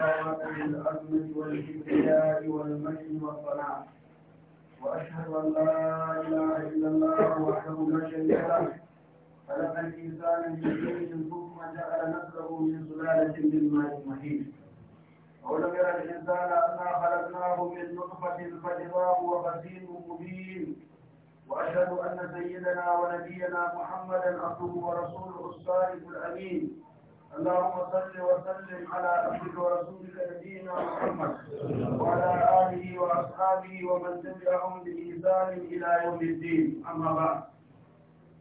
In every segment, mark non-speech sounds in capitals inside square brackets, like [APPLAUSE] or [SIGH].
الشفاعة والكبرياء والمجد والصنع وأشهد أن لا إله إلا الله وحده لا شريك له خلق الإنسان من شيء ثم جعل نفسه من سلالة من ماء مهين وذكر الإنسان أنا خلقناه من نطفة هو غزير مبين وأشهد أن سيدنا ونبينا محمدا عبده ورسوله الصادق الأمين اللهم صل وسلم على عبدك ورسولك نبينا محمد وعلى اله واصحابه ومن تبعهم بإيثار الى يوم الدين اما بعد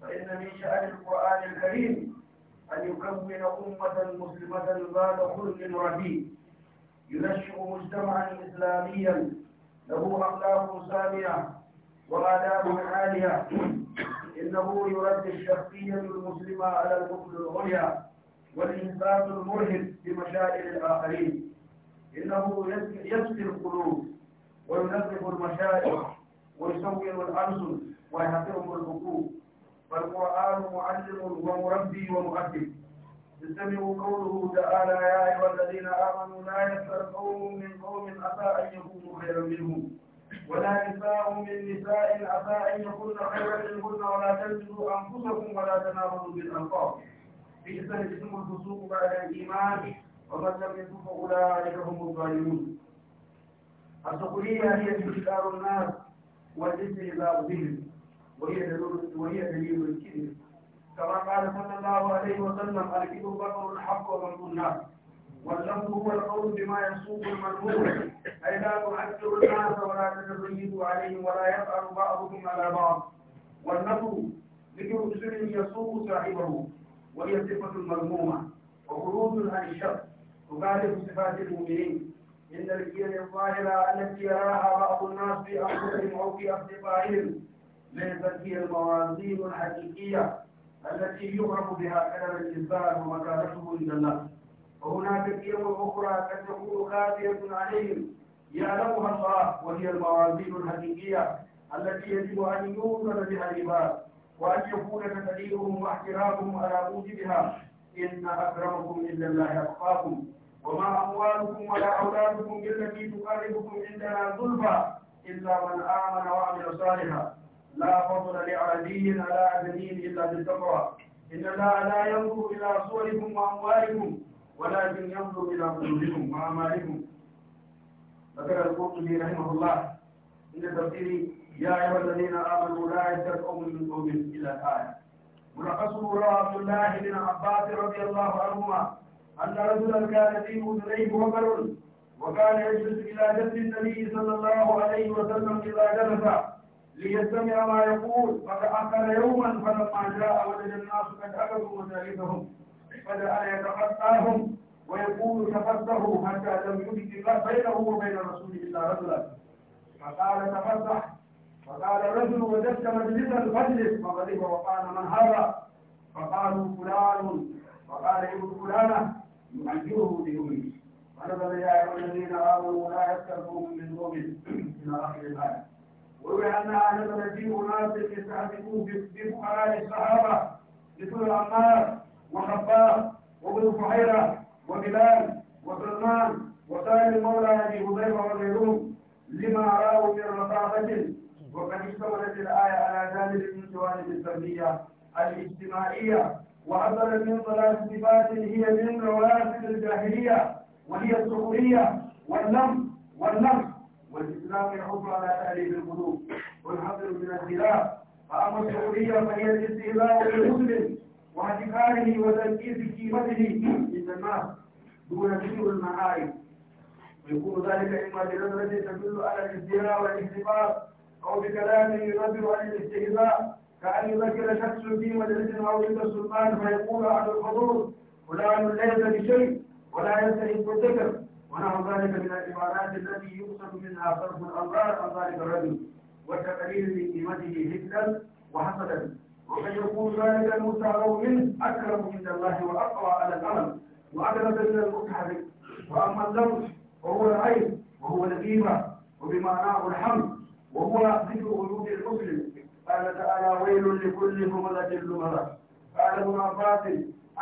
فان من شان القران الكريم ان يكون امه مسلمه ذات خلق رهيب ينشئ مجتمعا اسلاميا له اخلاق ساميه واداب عاليه انه يرد الشخصيه المسلمه على الكفر العليا والإنسان المرهب بمشاعر الآخرين إنه يسقي القلوب وينظف المشاعر ويسوّر الألسن ويهتم الحقوق فالقرآن معلم ومربي ومؤدب استمعوا قوله تعالى يا أيها الذين آمنوا لا يسأل قوم من قوم عسى أن يكونوا خيرا منهم ولا نساء من نساء عسى أن يكون خيرا منهن ولا تلمزوا أنفسكم ولا تنابزوا بالألقاب بئس الاسم الفسوق بعد الايمان ومن لم يتب اولئك هم الظالمون الدخوليه هي انتشار الناس والاستهزاء بهم وهي دليل وهي دليل الكذب كما قال صلى الله عليه وسلم الكذب بطر الحق ومن الناس واللفظ هو القول بما يسوق المنهور اي لا تعذر الناس ولا تتزيد عليهم ولا يفعل بعضهم على بعض والنفر ذكر رسل يسوق صاحبه وهي صفة مذمومة وخروج عن الشر تخالف صفات المؤمنين إن الكير الظاهرة التي يراها بعض الناس في أنفسهم أو في أصدقائهم ليست هي الموازين الحقيقية التي يعرف بها كلام الإنسان ومكانته عند الله وهناك قيم أخرى قد تكون خافية عليهم يعلمها الله وهي الموازين الحقيقية التي يجب أن يؤمن بها العباد وأن يكون تقديرهم واحترامهم على موجبها إن أكرمكم إلا الله أتقاكم وما أموالكم ولا أولادكم بالتي تقربكم عندنا زلفى إلا من آمن وعمل صالحا لا فضل لعربي على أدنين إلا بالتقوى إن الله لا ينظر إلى صوركم وأموالكم ولكن ينظر إلى قلوبكم وأعمالكم ذكر القرطبي رحمه الله إن تفسيري يا أيها الذين آمنوا لا يتبعوا من قوم إلى الآية ملخص عبد الله بن عباس رضي الله عنهما أن رجلا كان في أذنيه وبر وكان يجلس إلى جنب النبي صلى الله عليه وسلم إذا جلس ليستمع ما يقول فتأخر يوما فلما جاء وجد الناس قد أخذوا مجالسهم فجعل يتقطعهم ويقول تفسحوا حتى لم يدرك بينه وبين رسول الله رجلا فقال تفضح فقال رجل وجدت مجلسا فاجلس فغضب وقال من هذا فقالوا فلان فقال ابن فلانه يعجبه قال فنزل يا ايها الذين امنوا لا يسكركم من قوم الى اخر الايه وروي انها نزلت في اناس يستهزئون بفقراء الصحابه مثل عمار وخباب وابن فحيره وبلال وسلمان وسائر مولى ابي هريره وغيرهم لما راوا من رقابه وقد اشتملت الآية على جانب من جوانب الفردية الاجتماعية وعبرت من ثلاث صفات هي من رواسب الجاهلية وهي السخرية واللم واللم والإسلام يحض على تأليف القلوب والحذر من الخلاف فأما السخرية فهي الاستهزاء بالمسلم واحتكاره وتنكيس قيمته عند الناس دون ذكر المعايب ويكون ذلك إما بنظرة تدل على الازدهار والاحتفاظ أو بكلامه يعبر عن الاستهزاء كأن يذكر شخص في مجلس أو عند السلطان فيقول على الحضور فلان ليس بشيء ولا يستحق الذكر ونحو ذلك من العبارات التي يقصد منها صرف الأنظار عن ذلك الرجل وتقليل من قيمته هكلا وحسدا وقد يكون ذلك المستعرض منه أكرم عند الله وأقوى على الأمل وأقرب إلى المتحرك وأما الزوج وهو العيب وهو الغيبة وبمعناه الحمد وهو مثل قلوب المسلم قال تعالى ويل لكل همزة لمزة قال ابن عباس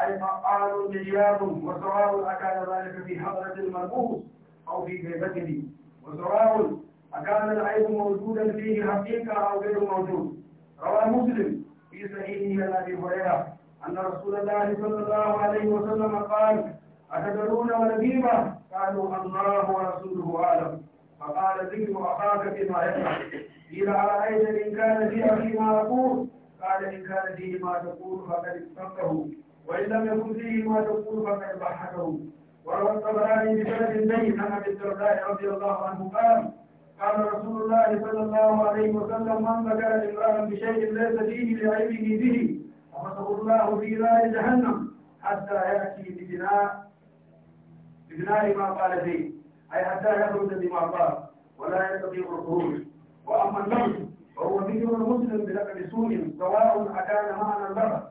أي مقال ديار وسواء أكان ذلك في حضرة المرؤوس أو في غيبته وسواء أكان العيب موجودا فيه حقيقة أو غير موجود روى مسلم في صحيحه عن أبي هريرة أن رسول الله صلى الله عليه وسلم قال أتدرون والغيبة قالوا الله ورسوله أعلم فقال ذكر أخاك بما يفعل قيل أرأيت إن كان في أخي ما أقول قال إن كان فيه ما تقول فقد استقته وإن لم يكن فيه ما تقول فقد ضحكه وروى الطبراني بسند بين عن أبي الدرداء رضي الله عنه قال قال رسول الله صلى الله عليه وسلم من ذكر امرأة بشيء ليس فيه لعلمه به فمسه الله في نار جهنم حتى يأتي ببناء بجناء ما قال فيه أي حتى يخرج بما قال ولا يستطيع الخروج وأما النمل فهو ذكر المسلم بلقب سوء سواء أكان معنى اللغة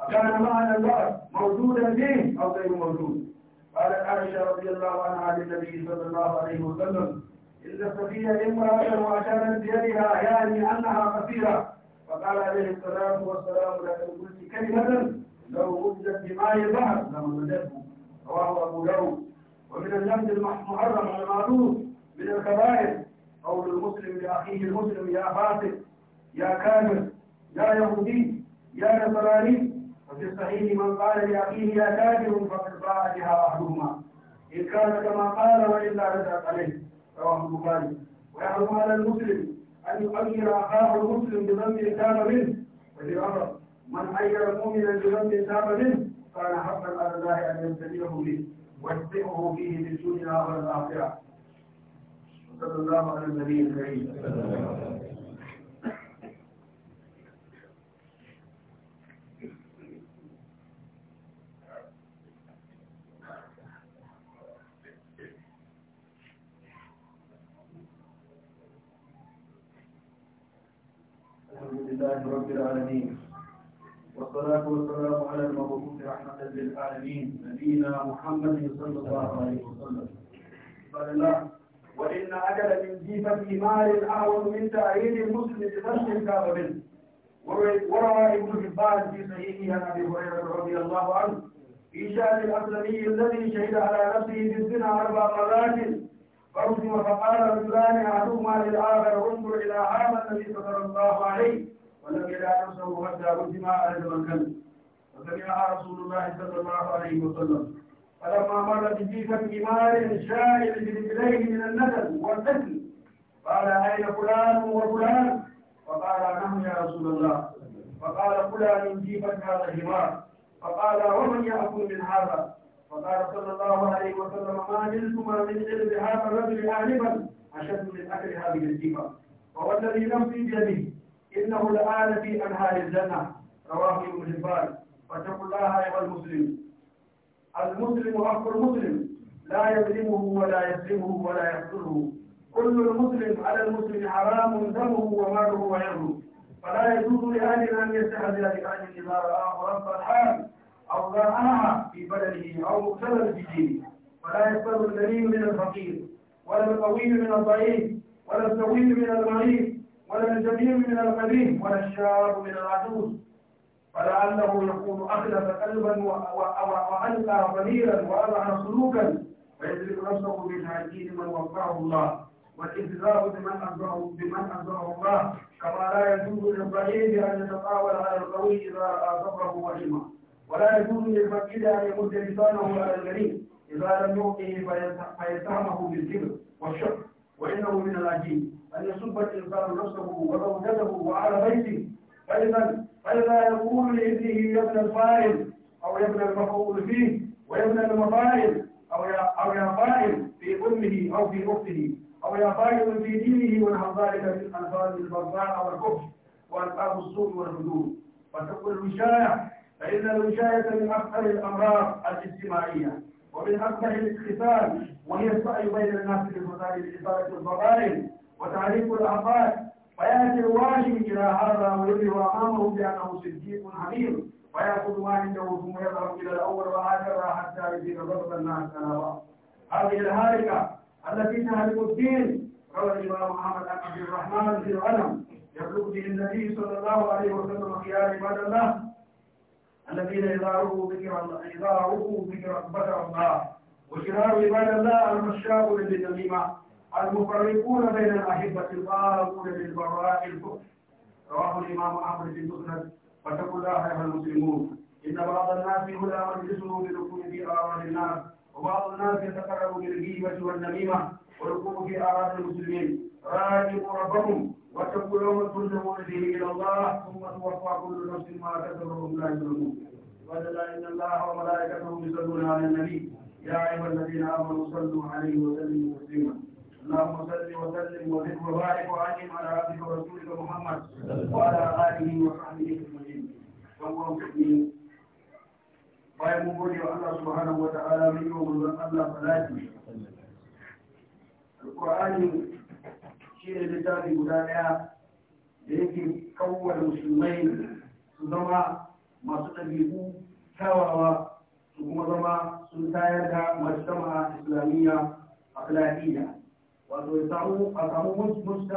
أكان معنى اللغة موجودا فيه أو غير موجود قالت عائشة رضي الله عنها للنبي صلى الله عليه وسلم إن الصفية امرأة وأشارت بيدها يعني أنها قصيرة فقال عليه الصلاة والسلام لكن قلت كلمة لو وجدت بماء البحر لم وجدته رواه أبو داود ومن الذنب المحرم والمعروف من الكبائر قول المسلم لأخيه المسلم يا فاسق يا كامل يا يهودي يا نصراني وفي الصحيح من قال لأخيه يا كافر فقد باع بها أحدهما إن كان كما قال وإلا رجعت عليه رواه البخاري ويحرم على المسلم أن يؤير أخاه المسلم بذنب تاب منه وفي الامر من أير مؤمنا بذنب تاب منه كان حقا على الله أن يبتليه به واتقه به في الدنيا والآخرة صلى الله على النبي الكريم الأمين نبينا محمد صلى الله عليه وسلم قال الله وإن أجل من في مال أعظم من تعيين المسلم بنفس الكافر وروى ابن حبان في صحيحه عن أبي هريرة رضي الله عنه في شأن الأسلمي الذي شهد على نفسه بالزنا أربع مرات فرسم فقال رجلان أحدهما للآخر انظر إلى هذا النبي صلى الله عليه ولم يدع نفسه حتى رجم على المكان وسمعها رسول الله صلى الله عليه وسلم فلما مر بجيفة حمار شائع برجليه من الندم والذكر قال أين فلان وفلان فقال نعم يا رسول الله فقال فلان جيفة هذا حمار فقال ومن يأكل من هذا فقال صلى الله عليه وسلم ما جلتما من علم هذا الرجل آنفا أشد من أكل هذه الجيفة فوالذي نفسي بيده إنه لآل في أنهار الجنة رواه ابن حبان واتقوا الله أيها المسلم المسلم حق المسلم لا يظلمه ولا يسلمه ولا يقتله كل المسلم على المسلم حرام دمه وماله وعرضه فلا يجوز لأهل أن يستحذر لأهل إذا رآه رب الحال أو ضاعها في بلده أو مقتدر في دينه فلا يقتل الدليل من الفقير ولا القوي من الضعيف ولا السوي من المريض ولا الجميل من القديم ولا الشاب من العجوز فلعله يكون أخلف قلبا وألقى ضميرا وأضع سلوكا ويدرك نفسه بالهاجين من وفقه الله والإنتظار بمن أنزله بمن أنزله الله كما لا يجوز للضعيف أن يتطاول على القوي إذا صبره وهمة ولا يجوز للفقير أن يمد لسانه على الغريب إذا لم يعطه فيتهمه بالكبر والشك وإنه من العجيب أن يسب الإنسان نفسه وزوجته وعلى بيته فإذا فإذا يقول لابنه يا ابن الفائل أو يا ابن المفعول فيه ويا ابن المفائل أو يا أو يا فائل في أمه أو في أخته أو يا فائل في دينه ونحو ذلك من الألفاظ البغضاء والكفر وألفاظ السوء والحدود فتقول الوشاية فإن الوشاية من أكثر الأمراض الاجتماعية ومن أكثر الاختفال وهي السعي بين الناس مسائل العبادة والضرائب وتعريف الأعضاء ويأتي الواجب إلى هذا ويظهر أمامه بأنه صديق حليم ويأخذ ما عنده ثم يذهب إلى الأول وهكذا حتى يزيد ضرب الناس على هذه الهالكة التي تهلك الدين روى الإمام محمد بن عبد الرحمن في العلم يبلغ به النبي صلى الله عليه وسلم خيار عباد الله الذين إذا رؤوا ذكر الله إذا رؤوا ذكر الله وشرار عباد الله المشاق للنميمة المفرقون بين الأحبة الفارقون بالبراء الكفر رواه الإمام أحمد بن مسند فاتقوا الله أيها المسلمون إن بعض الناس هدى مجلسه بالركوب في آراء الناس وبعض الناس يتقرب بالغيبة والنميمة والركوب في آراء المسلمين راجعوا ربكم واتقوا لهم ترجعون فيه إلى الله ثم توفى كل نفس ما كسبت وهم لا يظلمون ولا إن الله وملائكته يصلون على النبي يا أيها الذين آمنوا صلوا عليه وسلموا تسليما اللهم صل وسلم وزد وبارك وانعم على عبدك ورسولك محمد وعلى اله وصحبه اجمعين اللهم bayan mun gode wa Allah subhanahu wa ta'ala mun yi wa manzon Allah salati alqur'ani shi ne littafi guda daya da yake kawwal musulmai su zama masu ɗabi'u kyawawa su kuma zama sun tayar da majtama'a islamiyya akhlaqiyya wato ya samu a samu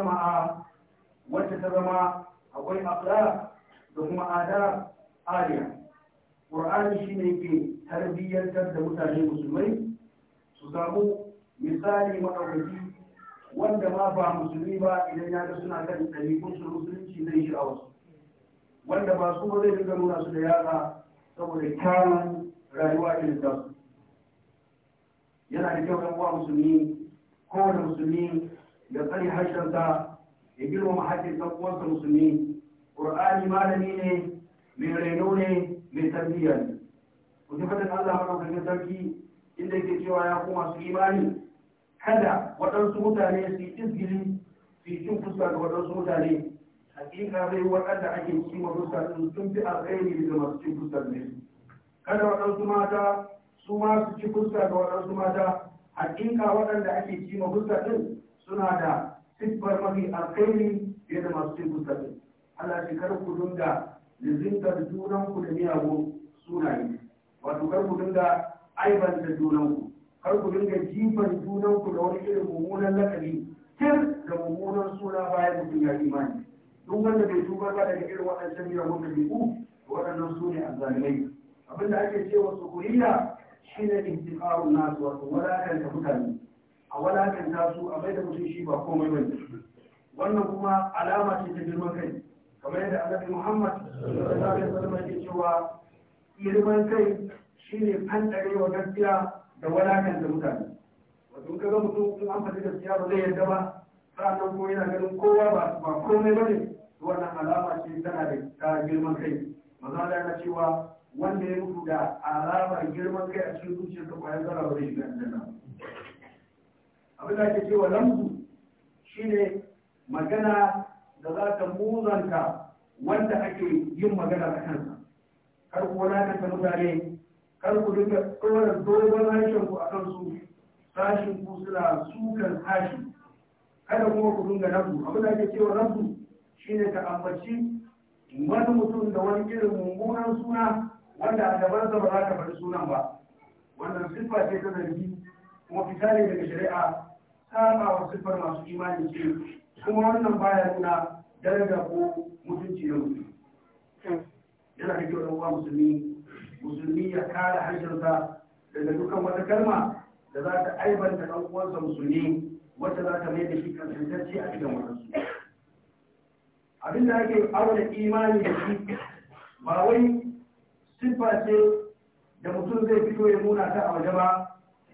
a wacce ta zama akwai akhlaq da kuma ada ariya qur'ani shine ke tarbiyyantar da mutane musulmai su samu misali madaukaki wanda ma ba musulmi ba idan ya ga suna kan ɗabi'un su musulunci zai shi a wasu wanda ba su ba zai dinga nuna su da yatsa saboda kyawun rayuwa irin ta yana da kyau ɗan uwa musulmi kowane musulmi da tsari harshensa ya girmama haƙƙin tsakuwarsa musulmi ƙur'ani malami ne mai reno ne mai tarbiyya ne ku ji fadin Allah madaukakin sarki inda yake cewa ya kuma su imani kada waɗansu mutane su yi izgiri su yi cin fuska ga waɗansu mutane hakika zai waɗanda ake cin fuska sun fi alkhairi daga masu cin fuska ne kada waɗansu mata su ma su ci fuska ga waɗansu mata hakika waɗanda ake ci ma hujja suna da siffar mafi alkhairi fiye da masu cin hujja Allah shi kar ku dinga lizintar junan ku da miyagun sunaye wato kar ku dinga aiban da junan ku kar ku dinga jifan junan ku da wani irin mummunan lakabi Kir da mummunan suna bayan mutum ya imani duk wanda bai tuba ba daga irin waɗannan miyagun ku waɗannan su ne azzalimai abinda ake cewa sukuriya shi ne intiƙarun nasu wato mutane a wadakanta su a bai da mutum shi ba komai ba wannan kuma alama ce ta girman kai kamar yadda annabi muhammad sallallahu alaihi wasallam yake cewa girman kai shine fantarewa gaskiya da wadakanta mutane wato kaga mutum in an faɗi gaskiya ba zai yarda ba sa'annan ko yana ganin kowa ba komai ba ne wannan alama ce tana da ta girman kai maza da yana cewa wanda ya mutu da alamar girman kai a cikin zuciyar ka kwayar zara wani shiga shiga abin da ake cewa lamzu shine magana da za ta muzanta wanda ake yin magana a kansa kar ku wadata mutane kar ku dinga tsora dogon harshen ku a kansu sashin ku suna sukan hashi kada kuma ku dinga nasu abin da ake cewa nafsu shine ta ambaci wani mutum da wani irin mummunan suna wanda a sa ba za ka bari sunan ba wannan siffa ce ta zargi kuma fita ne daga shari'a saba wa siffar masu imani ce kuma wannan baya nuna daraja ko mutunci da mutum yana da kyau uwa musulmi musulmi ya kare harshensa daga dukkan wata kalma da za ta aibanta ɗan uwansa musulmi wacce za ta mai da shi kansantacce a cikin wasansu abinda ake auna imani da shi ba wai siffa ce da mutum zai fito ya muna ta a waje ba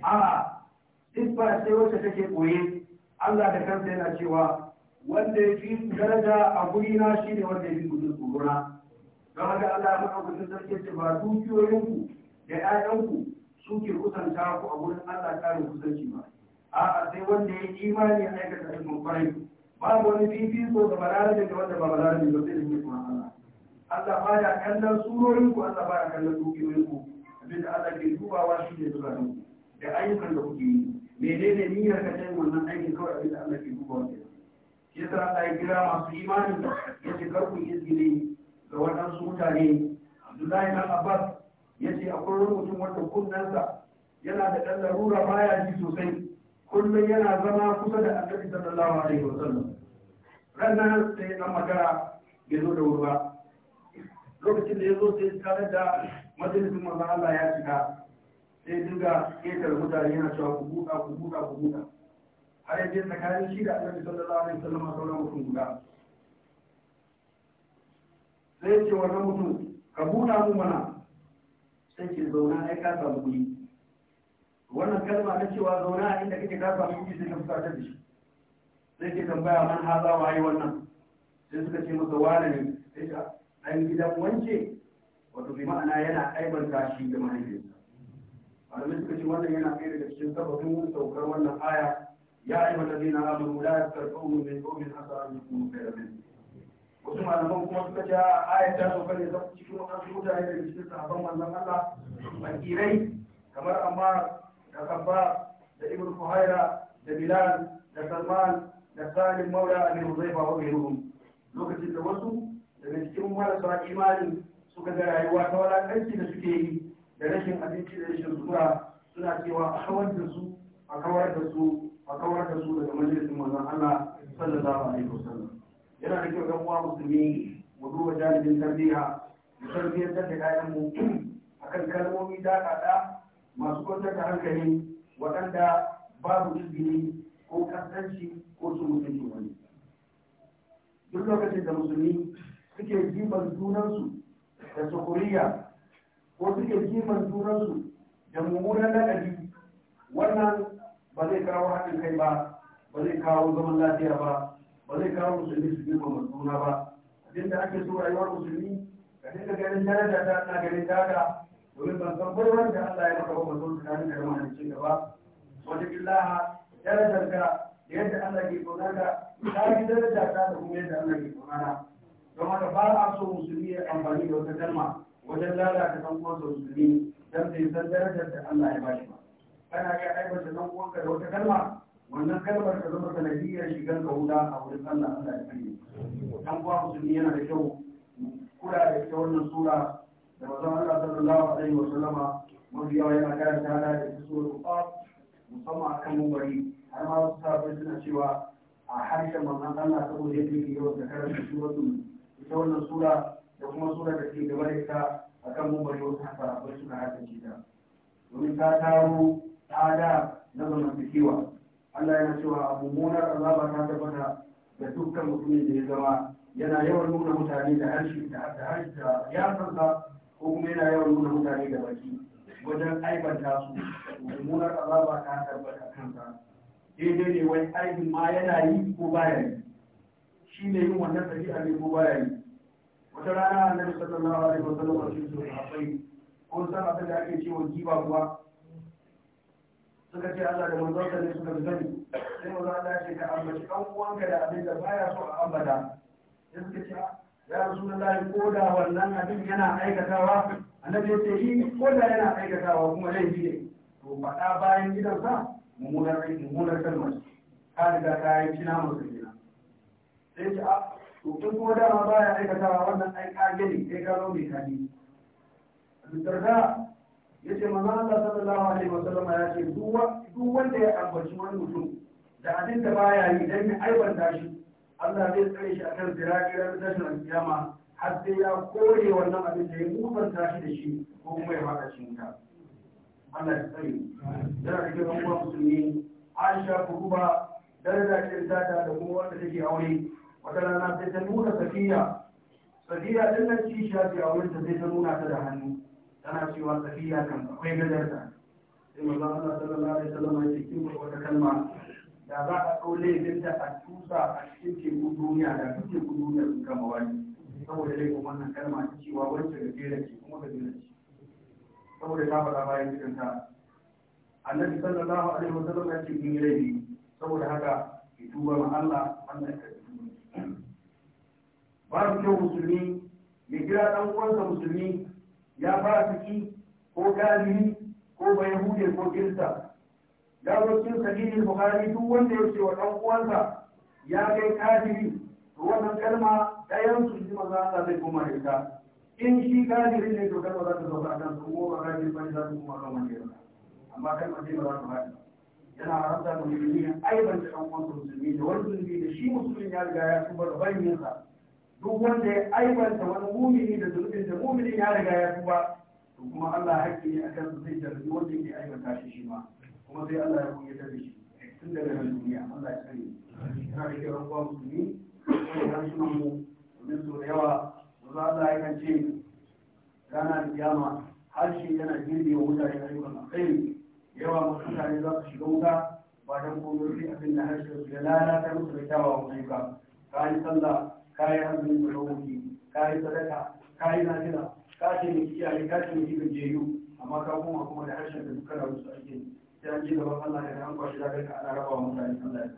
a siffa ce wacce take koye Allah da kansa yana cewa wanda ya fi daraja a guri na shi ne wanda ya fi gudun tsorona don haka Allah ya faɗa gudun sarki ce ba dukiyoyinku da 'ya'yanku suke kusanta ku a gurin Allah karin kusanci ba a'a sai wanda ya yi imani ya aikata aikin kwarai babu wani fifiko ga balarabe da wanda ba balarabe ba sai da ke kuma Allah Allah ba ya kallon surorin ku Allah ba ya kallon dukiyoyin ku abin da Allah ke dubawa shi ne zuwa nan da ayyukan da kuke yi menene niyyar ka tayi wannan aikin kawai abin da Allah ke dubawa ke shi yasa Allah ya kira masu imani ya ce kar ku izgile ga waɗansu mutane Abdullahi dan Abbas ya ce akwai wani mutum wanda kunnensa yana da ɗan larura baya ji sosai kullum yana zama kusa da annabi sallallahu alaihi wasallam ranar sai dan magana ya zo da wuri ba lokacin da ya zo sai ta da majalisun manzo Allah ya shiga sai duka ketar mutane yana cewa ku buɗa ku buɗa ku buɗa har yaje tsakanin shi da Annabi sallallahu alaihi wasallam a sauran mutum guda sai ya ce wannan mutum ka buɗa mu mana sai ke zauna ai ka samu kuɗi wannan kalma na cewa zauna a inda kake ka samu kuɗi sai ka fita da shi sai ke tambaya man haza waye wannan sai suka ce masa wane ne sai ɗan gidan wance wato bi ma'ana yana aibanta shi da mahaifinsa malamai suka ce wannan yana kai daga cikin sababin saukar wannan aya ya aibanta zina na amuru da ya karɓo mu mai tsohon hasa an da kuma kai mai wasu malaman kuma suka ce aya ta sauka ne zafi cikin wasu mutane daga cikin sahabban wannan Allah bakirai kamar amma da kabba da ibn fuhaira da bilal da salman da salim maula zai huzaifa wa ghayruhum lokacin da wasu daga cikin marasa imani suka ga rayuwa ta walakanci da suke yi da rashin abinci da rashin sutura suna cewa a kawar da su a kawar da su a kawar da su daga majalisin manzon Allah sallallahu alaihi wasallam yana da kyau ga uwa musulmi mu duba jami'in tarbiyya mu tarbiyyar da ƴaƴan mu [CLEARS THROAT] akan kalmomi da masu kwantar da hankali waɗanda babu izini ko kasanci ko su mutunci wani duk lokacin da musulmi suke jiman junansu da sukuriya ko suke jiman junansu da mummunan ladabi wannan ba zai kawo haɗin kai ba ba zai kawo zaman lafiya ba ba zai kawo musulmi su jiman juna ba abinda ake so rayuwar musulmi ka dinga ganin daraja ta ana ganin daga domin ban san bai wanda Allah ya maka ba mazo su tunanin da mahalicin ka gaba wajibillaha darajar ka da yadda Allah ke kauna ka ta yi darajar ta da kuma yadda Allah ke kauna ka don haka ba a so musulmi ya amfani da wata kalma wajen lalata ɗan uwansa musulmi don bai san darajar da Allah ya bashi ba kana ga aibata ɗan uwanka da wata kalma wannan kalmar ta zama sanadiyar shigar ka wuta a wurin Allah Allah ya kare ɗan uwa musulmi yana da kyau kula da ita wannan sura da mazan Allah sallallahu alaihi wa sallama mafi yawa yana karanta da ita sura qaf musamman kan mubari har ma su sa suna cewa a harshen manzon Allah saboda yadda yake yawan da karanta suratul ita wannan sura da kuma sura da ke gaba da ita a kan mummari wasu haka bai suka haddace ta domin ta taro tsada na zamantakewa Allah yana cewa mummunar azaba ta tabbata da dukkan mutumin da ya zama yana yawan nuna mutane da harshe da harshe da yasansa ko kuma yana yawan nuna mutane da baki wajen aibanta su mummunar azaba ta tabbata kansa daidai ne wai aibin ma yana yi ko baya yi shi ne yin wannan tafiya ne ko baya yi wata rana annabi sallallahu alaihi wasallam a cikin sahabbai ko san abin da ake cewa giba kuma? suka ce Allah da manzonsa ne suka zani sai wanzu Allah ya ce ka ambaci dan uwanka da abin da baya so a ambata Ya suka ce ya rasu na rasulullahi ko da wannan abin yana aikatawa annabi ya ce shi ko da yana aikatawa kuma laifi ne to faɗa bayan gidansa mummunar kalmar ka riga ka yi kina musu gina. sai ce to kun kuma dama baya aikatawa wannan ai kage ne sai gano mai kage Abdurrahman ya ce manzo Allah sallallahu alaihi wasallam ya ce duk wanda ya ambaci wani mutum da abin da baya yi dan ya aibanta shi Allah zai tsare shi akan ziraki ran tashin kiyama har sai ya kore wannan abin da ya mutanta shi da shi ko kuma ya faɗa shi ta Allah ya tsare yana da kyau kuma musulmi Aisha Kuba daraja ce ta da kuma wanda take aure wata na sai ta nuna safiya safiya din nan ci shafi a wurin ta sai ta nuna ta da hannu tana cewa safiya kan akwai gadarta sai manzon Allah sallallahu alaihi wasallam ya ce kin wata kalma da za a ɗau laifinta a tusa a cikin teku duniya da duk teku duniya sun kama wani saboda laifin wannan kalma ta cewa wancan gajeren ce kuma gajeren ce saboda ta faɗa bayan gidanta annabi sallallahu alaihi wasallam ya ce kin yi laifi saboda haka ki tuba ma Allah wannan ya babu kyau musulmi mai gira ɗan uwansa musulmi ya fasiki ko galibi ko hude, ko girsa ya zo cin sahihin bukhari duk wanda ya ce wa ɗan uwansa ya kai kafiri to wannan kalma ɗayan su ji maza Allah zai kuma da in shi kafirin ne to kalma za ta zo ba kan su ko ba kafiri ba za su koma kan manzo amma kalma ce ba za ta faɗi yana haramta da musulmi aibanta ɗan uwansa musulmi da wani musulmi da shi musulmin ya riga ya tuba da bayyansa duk wanda ya aibanta wani mumini da zunubin da muminin ya riga ya tuba to kuma Allah hakki ne akan su zai jarri wanda yake aibanta shi shi ma kuma sai Allah ya kunya tabi shi tun daga nan duniya Allah ya sani ina da kiran kuwa musulmi ko da sunan mu domin so da yawa maza Allah ya kan ce rana da kiyama harshe yana girbe wa mutane ayyukan alkhairi yawa mutane za su shiga wuta ba dan komai sai abin da harshe su ya lalata musu da kyawawan ayyuka ka yi sallah ka yi hannun marawuki ka yi sadaka ka yi nafila ka ce mai kiyaye ka ce mai gajeyu amma ka koma kuma da harshen da duka rabu su ake sai an ji gaba. Allah da an kwashi da kanka ana rabawa mutane Allah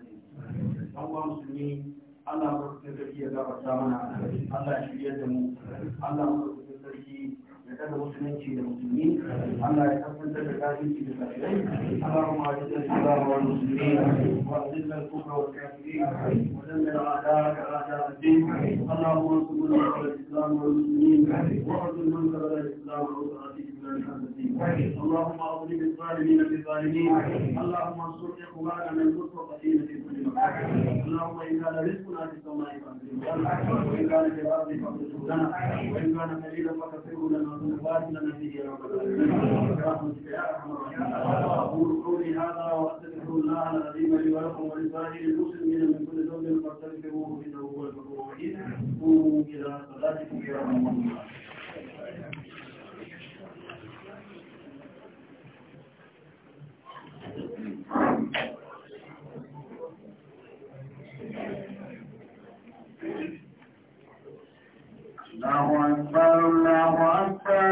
ya sani an ba musulmi Allah ya sarki ya gafarta mana Allah ya shirya da mu Allah ya sarki da musulunci da musulmi Allah ya tabbatar da kafirci da kafirai Allah kuma ya tabbatar da kafirci da musulmi wa azizna al-kufra wa kafiri wa dammar a'da'a ka a'da addin Allah kuma ya da kafirci musulmi wa azizna al-kufra wa kafiri اللهم اظلم الظالمين بالظالمين اللهم انصر اخواننا المستضعفين في كل مكان اللهم ان كان رزقنا في السماء فاكرمنا وان كان في الارض فاكرمنا لنا وان كان قليلا فكثره لنا وبارك لنا فيه يا رب العالمين برحمتك يا ارحم قولي هذا واستغفر الله العظيم لي ولكم ولسائر المسلمين من كل ذنب فاستغفروه انه هو الغفور الرحيم قوموا الى صلاتكم يا رب العالمين الله أكبر الله أكبر